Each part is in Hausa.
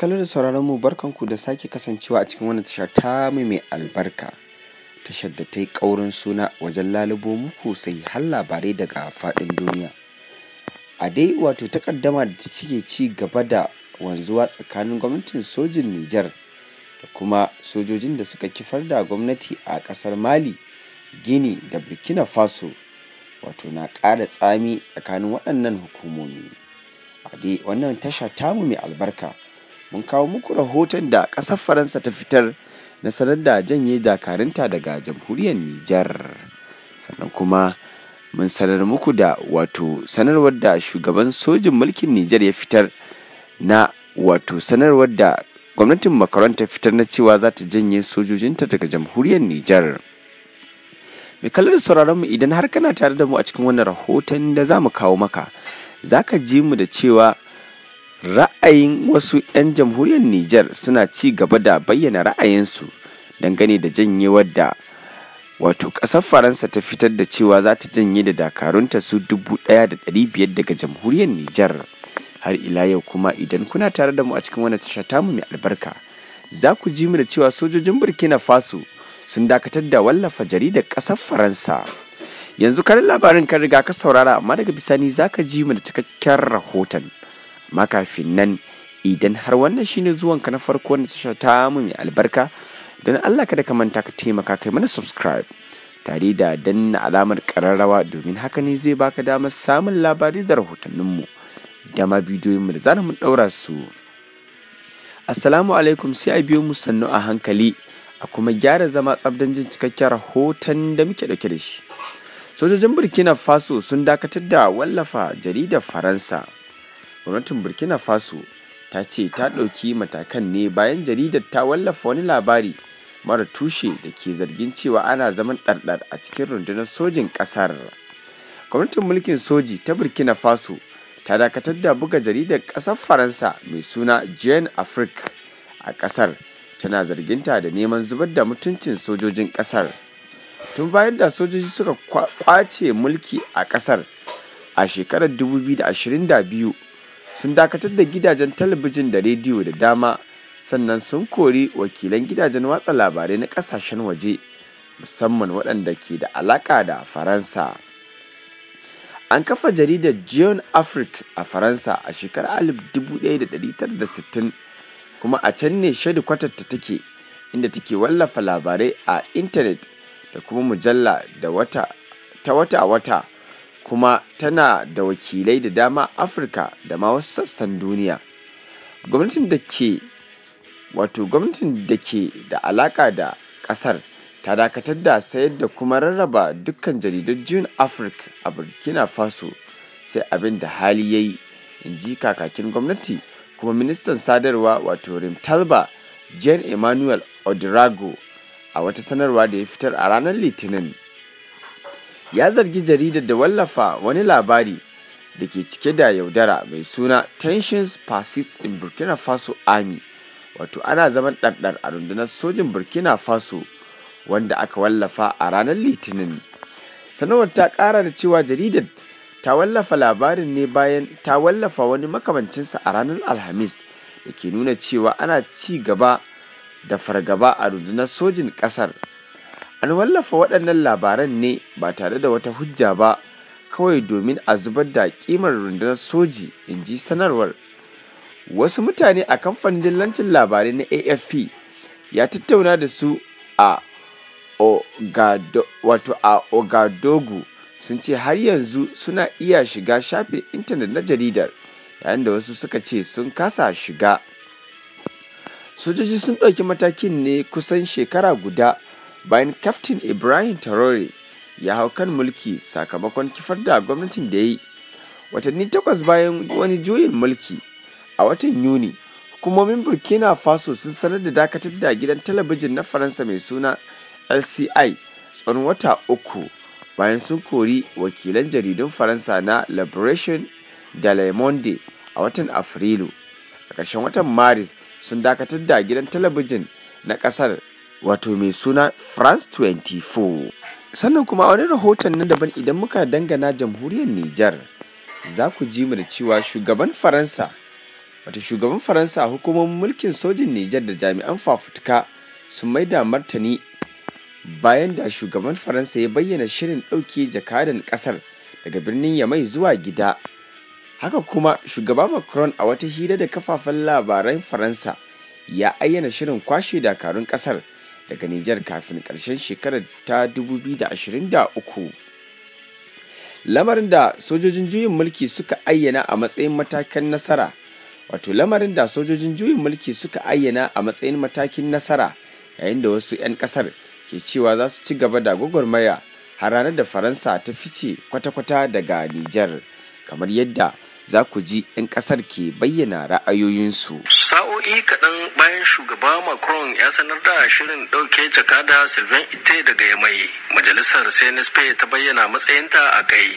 kallo da sauraron mu barkanku da sake kasancewa a cikin wannan tasha ta mai mai albarka tashar da ta yi ƙaurin suna wajen lalubo muku sai har labarai daga faɗin duniya a dai wato takaddama da take ci gaba da wanzuwa tsakanin gwamnatin sojin Nijar da kuma sojojin da suka kifar da gwamnati a ƙasar Mali Gini da Burkina Faso wato na ƙara tsami tsakanin waɗannan hukumomi a dai wannan tasha tamu mai albarka mun kawo muku rahoton da ƙasar faransa ta fitar na sanar da janye dakarunta daga jamhuriyar nijar sannan kuma mun sanar muku da wato sanarwar da shugaban sojin mulkin nijar ya fitar na wato sanarwar da gwamnatin makaron ta fitar na cewa za ta janye sojojinta daga jamhuriyar nijar mai kallon sauraron mu idan har kana tare da mu a cikin wannan rahoton da za mu kawo maka za ka ji mu da cewa ra'ayin wasu 'yan jamhuriyar Nijar suna ci gaba da bayyana ra'ayinsu dangane da janyewar da wato ƙasar Faransa ta fitar da cewa za ta janye da dakarunta su 1,500 daga jamhuriyar Nijar. Har ila yau kuma idan kuna tare da mu a cikin wani tasha tamu mai albarka, za ku ji mu da cewa sojojin Burkina Faso sun dakatar da wallafa jaridar ƙasar Faransa. Yanzu karin labarin kan riga ka saurara amma daga bisani za ka ji mu da cikakken rahoton. makafin nan idan har wannan shine zuwanka na farko wanda tasha ta mu mai albarka don Allah kada ka manta ka taimaka kai mana subscribe tare da danna alamar kararrawa domin haka ne zai baka damar samun labari da rahotanninmu da ma bidiyoyinmu da zanen mun ɗaura su assalamu alaikum sai a biyo mu sannu a hankali a kuma gyara zama tsabdan jin cikakken rahoton da muke ɗauke da shi sojojin burkina faso sun dakatar da wallafa jaridar faransa gwamnatin burkina faso ta ce ta ɗauki matakan ne bayan jaridar ta wallafa wani labari mara tushe da ke zargin cewa ana zaman ɗarɗar a cikin rundunar sojin ƙasar gwamnatin mulkin soji ta burkina faso ta dakatar da buga jaridar ƙasar faransa mai suna jane afrique a ƙasar tana zarginta da neman zubar da mutuncin sojojin ƙasar tun bayan da sojoji suka kwace mulki a ƙasar a shekarar 2022 sun dakatar da gidajen talabijin da rediyo da dama sannan sun kori wakilan gidajen watsa labarai na kasashen waje musamman waɗanda ke da alaƙa da faransa an kafa jaridar jeon africa a faransa a shekarar 1960 kuma a can ne shaidu ta take inda take wallafa labarai a intanet da kuma mujalla da wata ta wata-wata kuma tana da wakilai da dama afirka da ma wasu sassan duniya gwamnatin da ke wato gwamnatin da ke da alaka da kasar ta dakatar da sayar da kuma rarraba dukkan jaridar june africa a burkina faso sai abin da hali ya yi in ji kakakin gwamnati kuma ministan sadarwa wato rimtalba jane emmanuel odirago a wata sanarwa da ya fitar a ranar litinin ya zargi jaridar da wallafa wani labari da ke cike da yaudara mai suna tensions persist in burkina faso army wato ana zaman ɗanɗar a rundunar sojin burkina faso wanda aka wallafa a ranar litinin sanarwar ta ƙara da cewa jaridar ta wallafa labarin ne bayan ta wallafa wani makamancinsa a ranar alhamis da ke nuna cewa ana ci gaba da fargaba a rundunar sojin ƙasar an wallafa waɗannan labaran ne ba tare da wata hujja ba kawai domin a zubar da kimar rundunar soji in ji sanarwar wasu mutane a kamfanin dillancin labarai na afp ya tattauna da su a ogadogu sun ce har yanzu suna iya shiga shafin intanet na jaridar yayin da wasu suka ce sun kasa shiga sojoji sun ɗauki matakin ne kusan shekara guda bayan kaftin ibrahim Traore ya hau kan mulki sakamakon kifar da gwamnatin da ya yi watanni takwas bayan wani juyin mulki a watan yuni hukumomin burkina faso sun sanar da dakatar da gidan talabijin na faransa mai suna lci tsawon wata uku bayan sun kori wakilan jaridun faransa na liberation da le monde a watan afrilu a ƙarshen watan maris sun dakatar da gidan talabijin na ƙasar wato mai suna France 24. Sannan kuma wani rahoton na daban idan muka dangana jamhuriyar Nijar za ku ji mu da cewa shugaban Faransa wato shugaban Faransa hukumomin mulkin sojin Nijar da jami'an fafutuka sun mai da martani bayan da shugaban Faransa ya bayyana shirin ɗauke jakadan ƙasar daga birnin Yamai zuwa gida. Haka kuma shugaba Macron a wata hira da kafafen labaran Faransa ya ayyana shirin kwashe dakarun ƙasar. daga Nijar kafin ƙarshen shekarar ta 2023. Lamarin da sojojin juyin mulki suka ayyana a matsayin matakin nasara, wato lamarin da sojojin juyin mulki suka ayyana a matsayin matakin nasara yayin da wasu 'yan ƙasar ke cewa za su ci gaba da gwagwarmaya har ranar da Faransa ta fice kwata-kwata daga Nijar, kamar yadda za ku ji 'yan ƙasar ke bayyana ra'ayoyinsu. Sa'o'i kaɗan bayan shugaba Macron ya sanar da shirin ɗauke jakada Sylvain Ite daga Yamai, majalisar CNSP ta bayyana matsayinta a kai.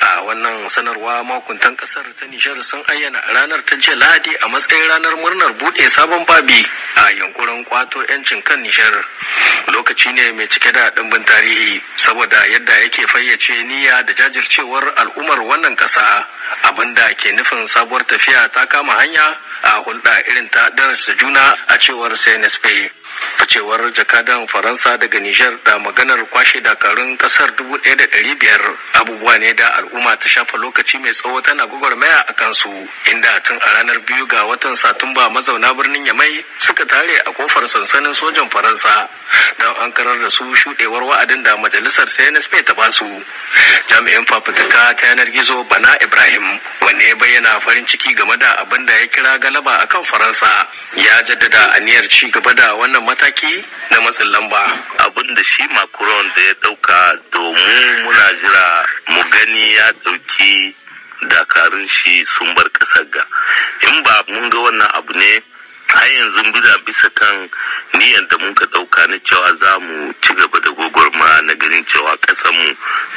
a wannan sanarwa makuntan kasar ta nijar sun ayyana a ranar ta jiya lahadi a matsayin ranar murnar buɗe sabon babi a yankurin kwato 'yancin kan nijar lokaci ne mai cike da ɗimbin tarihi saboda yadda yake fayyace niyya da jajircewar al'ummar wannan ƙasa abinda ke nufin sabuwar tafiya ta kama hanya a hulɗa irin ta daraja juna a cewar cnsp ficewar jakadan faransa daga Nijar da maganar kwashe dakarun kasar 1,500 abubuwa ne da al'umma ta shafa lokaci mai tsawo tana gwagwarmaya a kansu inda tun a ranar biyu ga watan satumba mazauna birnin yamai suka tare a kofar sansanin sojan faransa don an karar da su shudewar wa'adin da majalisar cnsp ta basu jami'in fafutuka ta yanar gizo bana ibrahim wanne ya bayyana farin ciki game da abin da ya kira galaba akan faransa ya jaddada aniyar ci gaba da wannan mataki na matsin lamba abin da shi macron da ya dauka domin muna jira mu gani ya dauki dakarun shi sun bar kasar ga in ba mun ga wannan abu ne har yanzu bida bisa kan niyan da muka dauka na cewa za mu ci gaba da gogorma na ganin cewa kasar mu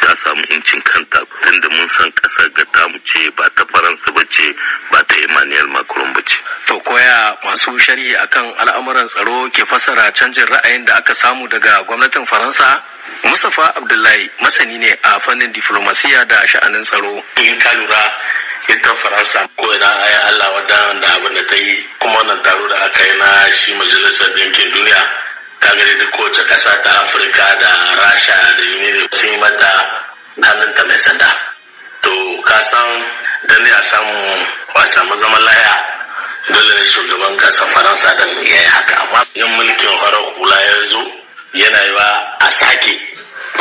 ta samu incin kanta tun da mun san kasar ga ta mu ce ba ta faransa ba ce ba ta emmanuel macron George. To koya masu sharhi akan al'amuran tsaro ke fassara canjin ra'ayin da aka samu daga gwamnatin Faransa? Mustapha Abdullahi masani ne a fannin diflomasiya da sha'anin tsaro. In ka lura ita Faransa ko ina ayi Allah wadda da abin da ta yi kuma wannan taro da aka yi na shi majalisar ɗinkin duniya ta gani da kowace ƙasa ta Afirka da Rasha da Union sun yi mata hannunta mai sanda. To ka san dan ne a samu wasa mazaman laya dole ne shugaban kasar faransa da ya yi haka amma yin mulkin farar hula ya zo yana yi wa a sake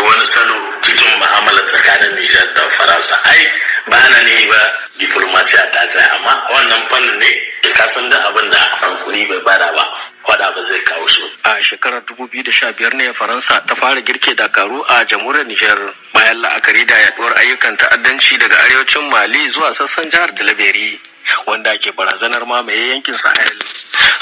wani salo cikin ma'amala tsakanin nijar da faransa ai ba na ne ba diplomasiya ta tsaya amma wannan fannin ne ka san da abin da hankuri bai bada ba faɗa ba zai kawo su. A shekarar 2015 ne Faransa ta fara girke Dakaru a jamhuriyar Nijar bayan la'akari da yaduwar ayyukan ta'addanci daga arewacin Mali zuwa sassan jihar Delaberi wanda ke barazanar mamaye yankin Sahel.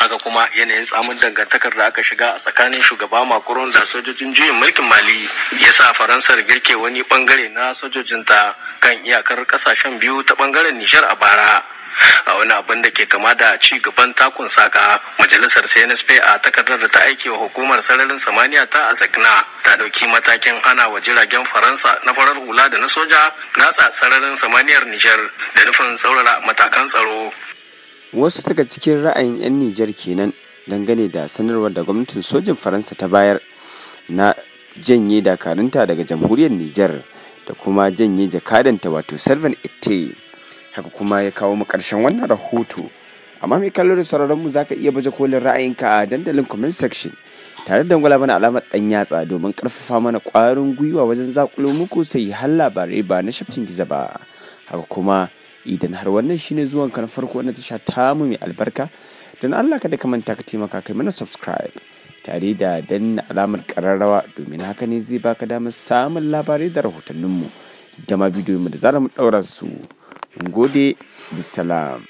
Haka kuma yanayin tsamin dangantakar da aka shiga a tsakanin shugaba Macron da sojojin juyin mulkin Mali ya sa Faransar girke wani bangare na sojojinta kan iyakar kasashen biyu ta bangaren Nijar a bara. a wani abin da ke kama da ci gaban takun saka majalisar cnsp a takardar da ta aike wa hukumar sararin samaniya ta asakna ta dauki matakin hana wa jiragen faransa na farar hula da na soja natsa sararin samaniyar nijar da nufin saurara matakan tsaro wasu daga cikin ra'ayin 'yan nijar kenan dangane da sanarwar da gwamnatin sojin faransa ta bayar na janye dakarunta daga jamhuriyar nijar da kuma janye jakadanta wato 780 haka kuma ya kawo mu karshen wannan rahoto amma mai kallo da sauraronmu za ka iya baje kolin ra'ayinka a dandalin comment section tare da dangwala mana alamar dan yatsa domin karfafa mana kwarin gwiwa wajen zakulo muku sai har labarai ba na shaftin giza ba haka kuma idan har wannan shine zuwan ka na farko na tasha ta mu mai albarka don Allah kada ka manta ka taimaka kai mana subscribe tare da danna alamar kararrawa domin haka ne zai baka damar samun labarai da rahotanninmu da ma mu da za mu daura su ngode gode, bisalam.